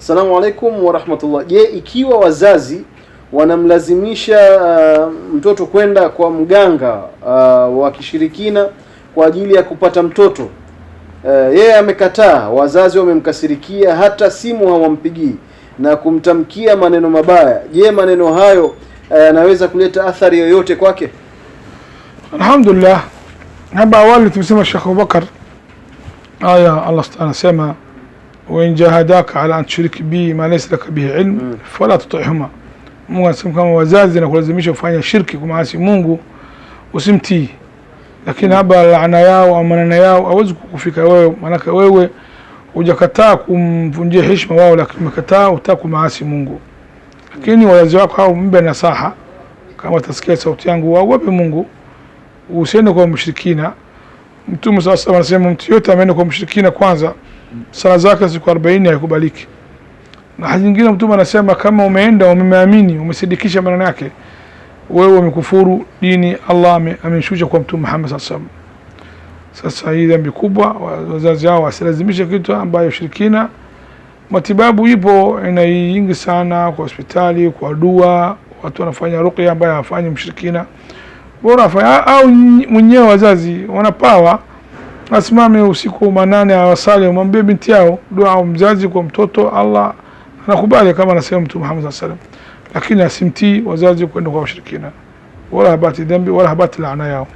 asalamu alaikum warahmatullah. Je, ikiwa wazazi wanamlazimisha uh, mtoto kwenda kwa mganga uh, wa kishirikina kwa ajili ya kupata mtoto uh, yeye amekataa, wazazi wamemkasirikia, hata simu hawampigii na kumtamkia maneno mabaya. Je, maneno hayo uh, yanaweza uh, kuleta athari yoyote kwake? Alhamdulillah, hapa awali tumesema Sheikh Abubakar aya Allah anasema وإن جاهداك على أن تشرك به ma laysa laka bihi ilm fala tuti'huma. Mungu anasema kama wazazi na kulazimisha kufanya shirki kumaasi Mungu usimtii, lakini haba laana yao au maneno yao hawezi kukufika wewe, maanake wewe hujakataa kumvunjia heshima wao, lakini umekataa utaka kumaasi Mungu. Lakini wazazi wako hao, mbe nasaha, kama utasikia sauti yangu, waogope Mungu, usiende kwa mshirikina. Mtume sallallahu alayhi wasallam anasema mtu yote ameenda kwa mshirikina kwanza sala zake siku arobaini haikubaliki. Na hadi nyingine Mtume anasema kama umeenda umeamini, umesidikisha maneno yake, wewe umekufuru dini Allah ameshusha kwa Mtume Muhammad sallallahu alaihi wasallam. Sasa hii dhambi kubwa, wazazi hao wasilazimishe kitu ambayo ushirikina. Matibabu ipo ina nyingi sana, kwa hospitali, kwa dua, watu wanafanya ruqya ambayo hawafanyi mshirikina, bora au mwenyewe wazazi wanapawa asimame usiku manane, awasali, umwambie binti yao dua mzazi kwa mtoto, Allah anakubali, kama anasema Mtume Muhammad sallallahu alaihi wasallam, lakini asimtii wazazi kwenda kwa washirikina, wala habati dhambi wala habati laana yao.